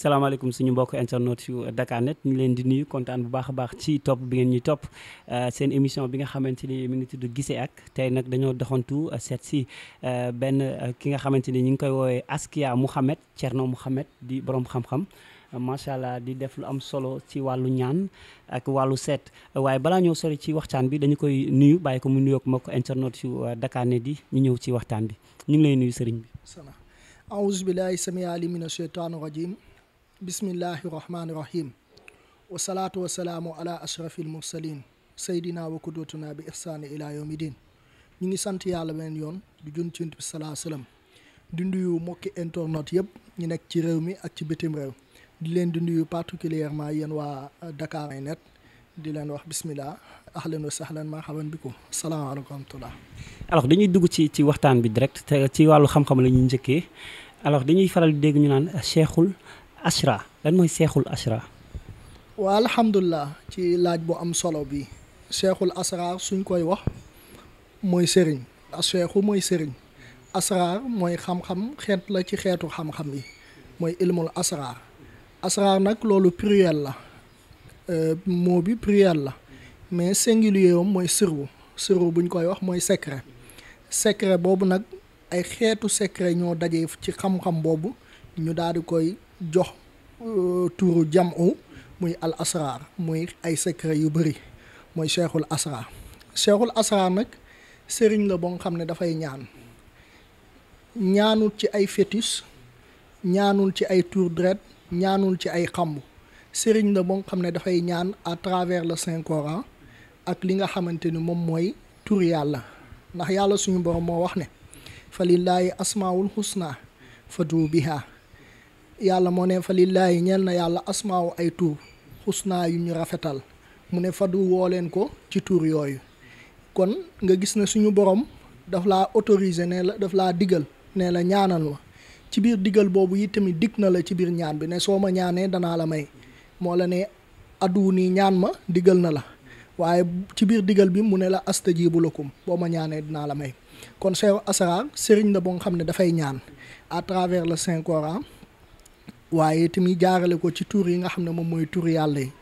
salaamaaleykum suñu mbokk internet yu Dakar Net ñu leen di nuyu kontaan bu baax a baax ci topp bi ngeen ñuy topp euh, seen émission bi nga xamante ni mi ngi tudd Gise ak tey nag dañoo doxantu euh, seet si euh, benn ki nga xamante ni ñu ngi koy woowee Askia Mouhamed Thierno Mouhamed di boroom xam-xam macha allah di def lu am solo ci wàllu ñaan ak wàllu seet waaye balaa ñoo sori ci waxtaan bi dañu koy nuyu bàyyi ko mu nuyoog mbokk internet yu Dakar Net yi ñu ñëw ci waxtaan bi ñu ngi lay nuyu sëriñ bi. salaam bismillahi rahmaani rahim wasalaatu wasalaamu ala ashrafil mursalin saydina wa kudootuna bi ihsaani ila yawmi din ñu ngi sant yàlla beneen yoon du jun ci salaa salaam di nuyu mbokki internet yëpp ñu nekk ci réew mi ak ci bitim réew di leen di nuyu particulièrement yéen waa Dakar net di leen wax bismillah ahlan wa sahlan marhaban bikum salaamaaleykum wa alors dañuy dugg ci ci waxtaan bi direct te ci wàllu xam-xam la ñuy njëkkee alors dañuy faral dégg ñu naan cheikhul ashra lan mooy seexul ashra waa alhamdulilah ci laaj bu am solo bi seexul asraar suñ koy wax mooy sëriñ seexu mooy sëriñ asraar mooy xam-xam xeet la ci xeetu xam-xam yi mooy ilmul asraar asraar nag loolu pluriel la euh, moo bi pluriel la mais singulier mooy sirru sirru buñ koy wax mooy secret secret boobu nag ay xeetu secret ñoo dajee ci xam-xam boobu ñu daal di koy jox Euh, tuuru jam u muy al asraar muy ay secret yu bëri mooy cheikhul asraar cheikhul asraar nag sëriñ la boo xam ne dafay ñaan ñaanul ci ay fétiche ñaanul ci ay tour dret ñaanul ci ay xamb sëriñ la boo xam ne dafay ñaan à travers le saint coran ak li nga xamante ni moom mooy tur yàlla ndax yàlla suñu borom moo wax ne fa lillaahi asmaawul husna fadu biha yàlla moo ne fa lillaahi ñeel na yàlla asmaaw ay tuur xusnaa yu ñu rafetal mu ne fadu woo leen ko ci tuur yooyu kon nga gis ne suñu borom daf laa autorisé ne la daf laa diggal ne la ñaanal ma ci biir digal boobu yi tamit dig na la ci biir ñaan bi ne soo ma danaa la may moo la ne adduwu nii ñaan ma digal na la waaye ci biir digal bi mu ne la astajibu lakum boo ma ñaanee dinaa la may kon Cheikh Asrar sëriñ la boo nga xam ne dafay ñaan à travers le Saint Coran waaye tamit jaarale ko ci tuur yi nga xam ne moom mooy tur yàlla yi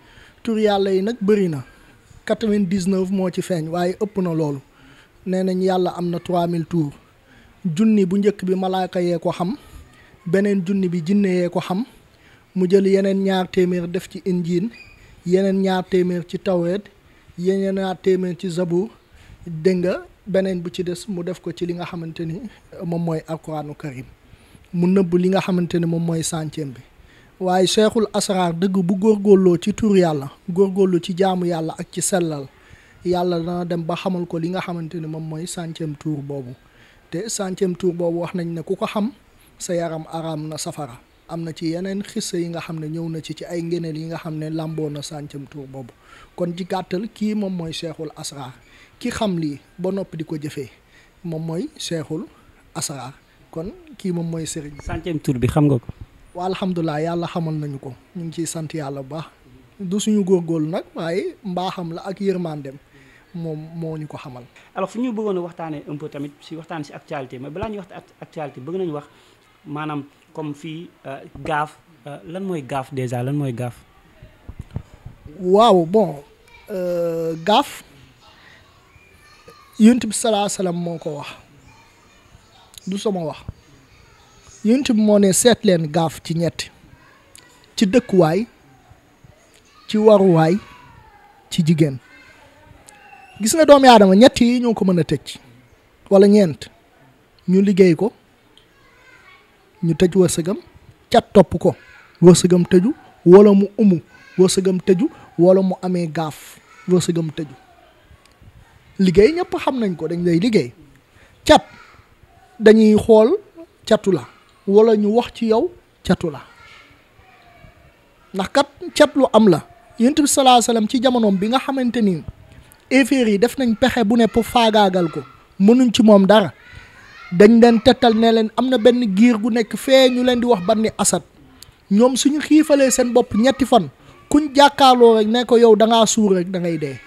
tur yàlla yi nag bëri na quatre vingt moo ci feeñ waaye ëpp na loolu nee nañ yàlla am na trois mille tur junni bu njëkk bi malaaka yee ko xam beneen junni bi jinne yee ko xam mu jël yeneen ñaar téeméer def ci injiin yeneen ñaar téeméer ci tawreet yeneen ñaar téeméer ci zabuur dégg nga beneen bu ci des mu def ko ci li nga xamante ni moom mooy alquraanu karim mu nëbb li nga xamante ne moom mooy centième bi waaye seexul asraar dëgg bu góor góorloo ci tuur yàlla góor góorlu ci jaamu yàlla ak ci sellal yàlla dana dem ba xamal ko li nga xamante ne moom mooy centième tour boobu te centième tour boobu wax nañ ne ku ko xam sa yaram araam na safara am na ci yeneen xissa yi nga xam ne ñëw na ci ci ay ngeneel yi nga xam ne làmboo na centième tour boobu kon ci gàttal kii moom mooy seexul asraar ki xam lii ba noppi di ko jëfee moom mooy seexul asraar kon kii moom mooy sëriñ bi. centième tour bi xam nga ko. waa alhamdulilah yàlla xamal nañu ko ñu ngi ciy sant yàlla bu baax du suñu góorgóorlu nag waaye xam la ak yërmandem moom moo ñu ko xamal. alors fu ñu bëggoon a waxtaanee un tamit si waxtaan si actualité mais balaa ñu wax actualité bëgg nañu wax maanaam comme fii euh, gaaf euh, lan mooy gaaf déjà lan mooy gaaf. waaw bon euh, gaaf yonent bi salaa salaam moo ko wax. du sama wax yonent bi moo ne seet leen gaaf ci ñetti ci dëkkuwaay ci waruwaay ci jigéen gis nga doomi yaadama ñetti yi ñoo ko mën a tëj wala ñeent ñu liggéey ko ñu tëj wërsëgam cat topp ko wërsëgam tëju walla mu umu wërsëgam tëju wala mu amee gaaf wërsëgam tëju liggéey ñëpp xam nañ ko dañ lay liggéey cat dañuy xool catu la wala ñu wax ci yow catu la ndax kat cat lu am la yonent bi salaa ci jamonoom bi nga xamante ni effeer yi def nañ pexe bu ne pour faagaagal ko mënuñ ci moom dara dañ leen tettal ne leen am na benn giir gu nekk fee ñu leen di wax banni asad ñoom suñu xiifalee seen bopp ñetti fan kuñ jàkkaarloo rek ne ko yow da suur rek da ngay dee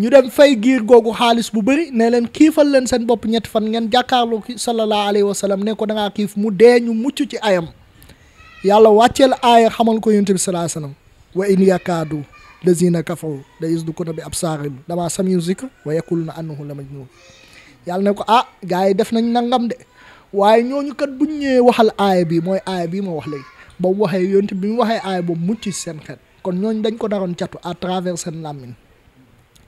ñu dem fay giir googu xaalis bu bëri nee leen kiifal leen seen bopp ñetti fan ngeen jàkkaarloo ki sallallahu alayhi wa sallam ne ko da ngaa kiif mu dee ñu mucc ci ayam yàlla wàcceel aaya xamal ko yonent bi salaa sallam wa in yakaadu lazina kafaru la yasdukuna bi absaarihim dama samiu zikr wa yaquluna annahu la majnun yàlla ne ko ah gars yi def nañ na nangam de waaye ñooñu kat bu ñu ñëwee waxal aaya bi mooy aaya bi moo wax léegi ba waxee yonent bi mu waxee aaya boobu mucc seen xel kon ñooñu dañ ko naroon jatu à travers seen làmmiñ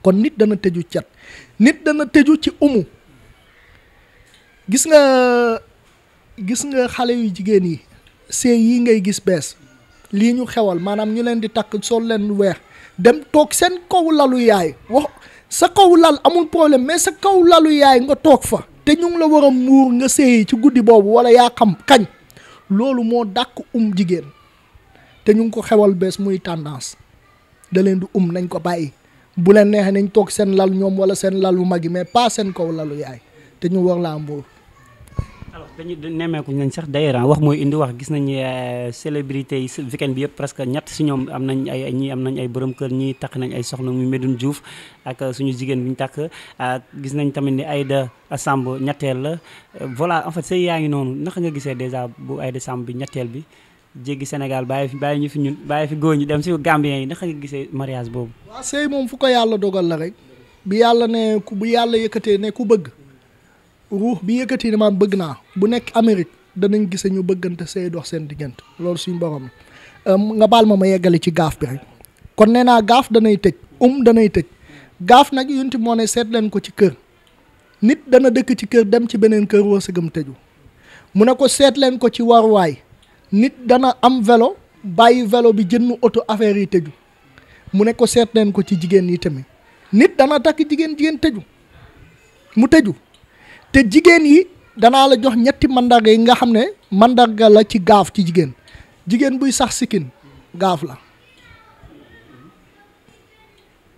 kon nit dana tëju cat nit dana tëju ci umu gis nga gis nga xale yu jigéen yi sëy yi ngay gis bees lii ñu xewal maanaam ñu leen di takk sol leen lu weex dem toog seen kaw lalu yaay wax sa kaw lal amul problème mais sa kaw lalu yaay nga toog fa te ñu la war a muur nga sëyi ci guddi boobu wala yaa xam kañ loolu moo dàq um jigéen te ñu ngi ko xewal bees muy tendance da leen di um nañ ko bàyyi bu leen neexee nañ toog seen lal ñoom wala seen lalu mag yi mais pas seen kaw lalu yaay te ñu war laa mbóor alors dañu nemmeeku nañ sax d'ailleurs ah, wax mooy indi wax gis nañ euh, célébrité yi weekend bi yëpp presque ñett si ñoom am nañ ay ñii am nañ ay borom kër ñii takk nañ ay soxna muy Medoune Diouf ak euh, suñu jigéen bi ñu takk ah, gis nañ tamit ni Aïda Samb ñetteel la voilà en fait say yaa ngi noonu ndax nga gisee déjà bu Aïda Samb bi ñetteel bi jéggi Sénégal bàyyi fi bàyyi ñu fi ñun bàyyi fi góor ñi dem si Gambien yi naka nga gisee mariage boobu. waaw sëy moom fu ko yàlla dogal la rek. bi yàlla ne ku bu yàlla yëkkatee ne ku bëgg. ruux bi yëkkati ne maam bëgg naa bu nekk Amérique danañ gise ñu bëggante sëy dox seen diggante loolu suñu borom la nga baal ma ma yeggale ci gaaf bi rek kon nee naa gaaf danay tëj um danay tëj gaaf nag yunti moo ne seet leen ko ci kër nit dana dëkk ci kër dem ci beneen kër wërsëgam tëju mu ne ko seet leen ko ci waruwaay nit dana am vélo bàyyi vélo bi jënd oto affaire yi tëju mu ne ko seet leen ko ci jigéen yi tamit nit dana takk jigéen jigéen tëju mu tëju te jigéen yi danaa la jox ñetti mandarga yi nga xam ne mandarga la ci gaaf ci jigéen jigéen buy sax sikkin gaaf la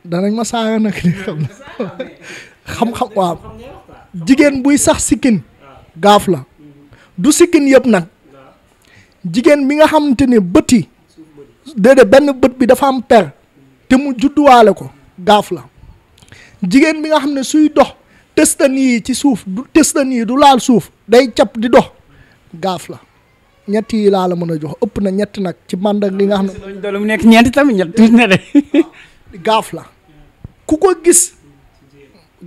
danañ ma saara nag xam xam-xam jigéen buy sax sikkin gaaf la du sikkin yëpp nag jigéen bi nga xamante ne bët yi déedéet benn bët bi dafa am per te mu judduwaale ko gaaf la jigéen bi nga xam ne suy dox tëstan yi ci suuf du tëstan yi du laal suuf day cap di dox gaaf la ñett yi laa la mën a jox ëpp na ñett nag ci màndak li nga xam ne nekk ñeenti tamit ñett tuuti na gaaf la ku ko gis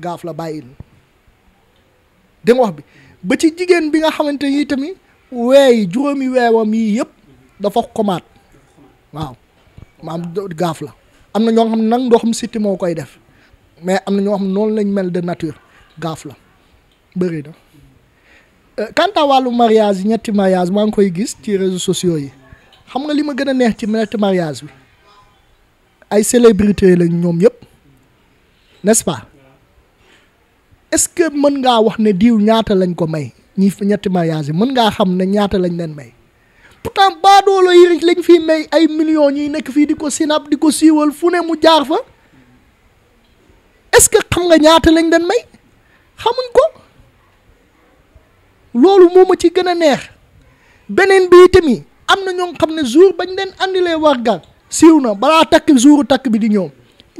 gaaf la bàyyil dem wax bi ba ci jigéen bi nga xamante ni tamit weey juróomi weewam yii yëpp dafa xomaat waaw ma maam gaaf la am na ñoo xam ne nag ndoxum siti moo koy def mais am na ñoo xam ne noonu lañ mel de nature gaaf la bëri na euh, quant à wàllu mariage yi ñetti mariage maa ngi koy gis ci réseau sociaux yi xam nga li ma gën a neex ci ñetti mariage bi ay célébrité lañ ñoom yëpp n'est-ce pas est-ce que mën ngaa wax ne diw ñaata lañ ko may ñi fa ñetti mariage yi mën ngaa xam ne ñaata lañ leen may pourtant baadoolo yi lañ fii may ay million ñuy nekk fii di ko sinap di ko siiwal fu ne mu jaar fa est-ce que xam nga ñaata lañ leen may xamuñ ko loolu moo ma ci gën a neex beneen bi tamit am na ñoo xam ne jour bañ leen war wargal siiw na balaa takk jouru takk bi di ñëw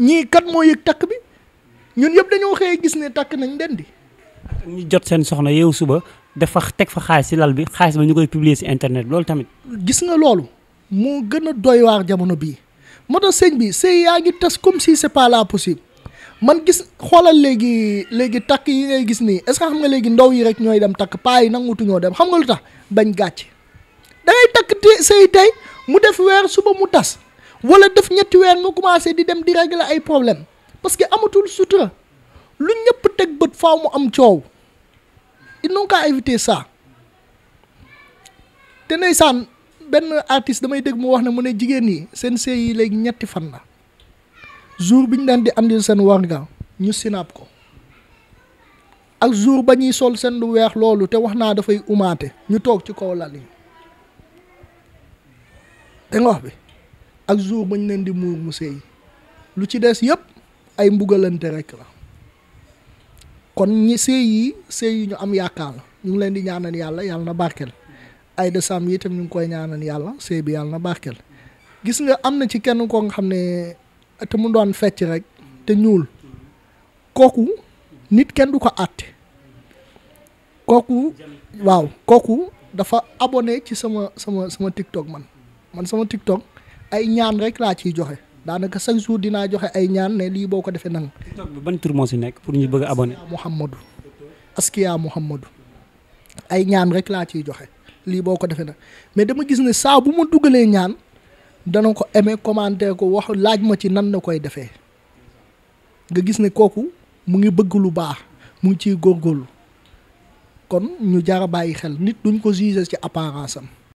ñii kat moo yëg takk bi ñun yëpp dañoo xëyee gis ne takk nañ leen di. ñu jot seen soxna yow suba dafa teg fa xaalis si lal bi xaalis ba ñu koy publier si internet loolu tamit. gis nga loolu moo gën a doy waar jamono bii moo sëñ bi sëy yaa ngi tas comme si c'est pas là possible man gis xoolal léegi léegi takk yi ngay gis nii est-ce xam nga léegi ndaw yi rek ñooy dem takk paa yi nangutu ñoo dem xam nga lu tax bañ gàcc da ngay takk te sëy tey mu def weer suba mu tas wala def ñetti weer mu commencé di dem di régler ay problème parce que amatul sutura lu ñëpp teg bët faaw mu am coow. ils n'ont qu'à éviter ça te ndeysaan benn artiste damay dégg mu wax ne mu ne jigéen ñi seen sëy yi léegi ñetti fan la jour bi ñu daan di andil seen warga ñu sinaab ko ak jour ba ñuy sol seen lu weex loolu te wax naa dafay umaate ñu toog ci kaw lal yi te nga bi ak jour ba ñu leen di muur mu sëy lu ci des yëpp ay mbugalante rek la kon ñi sëy yi sëy yi ñu am yaakaar la ñu leen di ñaanal yàlla yàlla na barkeel Aida Samb yi itam ñu ngi koy ñaanal yàlla sëy bi yàlla na barkeel gis nga am na ci kenn koo nga xam ne te mu doon fecc rek te ñuul kooku nit kenn du ko àtte kooku waaw kooku dafa abone ci sama sama sama TikTok man man sama TikTok ay ñaan rek laa ciy joxe daanaka chaque jour dinaa joxe ay ñaan ne lii boo ko defee nan TikTok ban tur moo si nekk pour ñu bëgg a abonné. Mouhamadou Askia Mouhamadou ay ñaan rek laa ciy joxe lii boo ko defee nag mais dama gis ne saa bu ma dugalee ñaan dana ko aimer commenter ko wax laaj ma ci nan na koy defee nga gis ne kooku mu ngi bëgg lu baax mu ngi ciy góorgóorlu kon ñu jara bàyyi xel nit duñ ko juger ci apparence am.